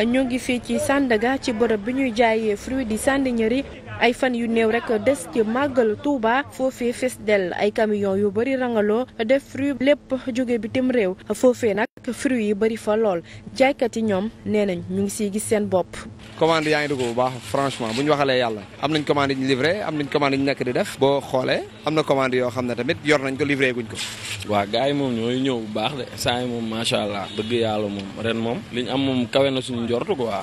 ñoo ngi fii ci Sandaga ci bërëb bi ñuy jaayee fruit di Sandiniéry ay fan yu néew rek des ci màggal Touba foofee fees dell ay camion yu bëri rangaloo def fruit lépp jóge bitim réew foofee nag fruit yi bëri fa lool jaaykat yi ñoom nee nañ ñu ngi siy gis seen bopp. commande yaa ngi dugg bu baax franchement bu ñu waxalee yàlla am nañ commande yi ñu livré am nañ commande yi ñu nekk di def boo xoolee am na commande yoo xam ne tamit yor nañ ko livré guñ ko. waaw gars yi moom ñooy ñëw bu baax de saa yi moom macha allah dëgg yàlla moom ren moom liñ am moom kawe na suñu njort quoi.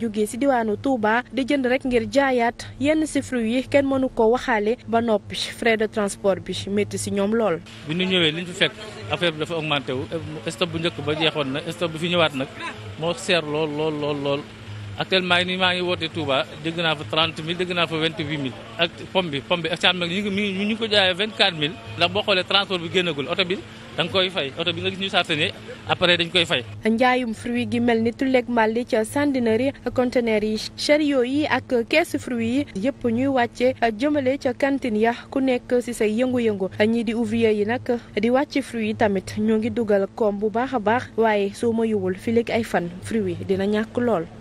jógee ci diwaanu Touba di jënd rek ngir jaayaat yenn ci fruit yi kenn mënu ko waxaale ba noppi frais de transport bi métti ci ñoom lool. bi ñu ñëwee li ñu fi fekk affaire bi dafa augmenté wu bu njëkk ba jeexoon na stock bi fi ñëwaat nag moo seer lool lool lool lool. actuellement nii maa ngi woote Touba dégg naa fa 30 000 dégg naa fa 28 000 ak pomme bi pomme bi ak caat mi ñu ngi ñu ngi ko jaayee 24 000 ndax boo xoolee transport bi génnagul oto bi. da nga koy fay oto bi nga gis ñu sartane après dañu koy fay. njaayum fruit gi mel ni tulleeg màlli ca sandinari conteneur yi chariot yi ak keesu fruit yi yëpp ñuy wàcce jëmale ca cantine ya ku nekk ci say yëngu-yëngu ñii di ouvrier yi nag di wàcce fruit yi tamit ñoo ngi dugal koom bu baax a baax waaye soo ma yowul fii léegi ay fan fruit yi dina ñàkk lool.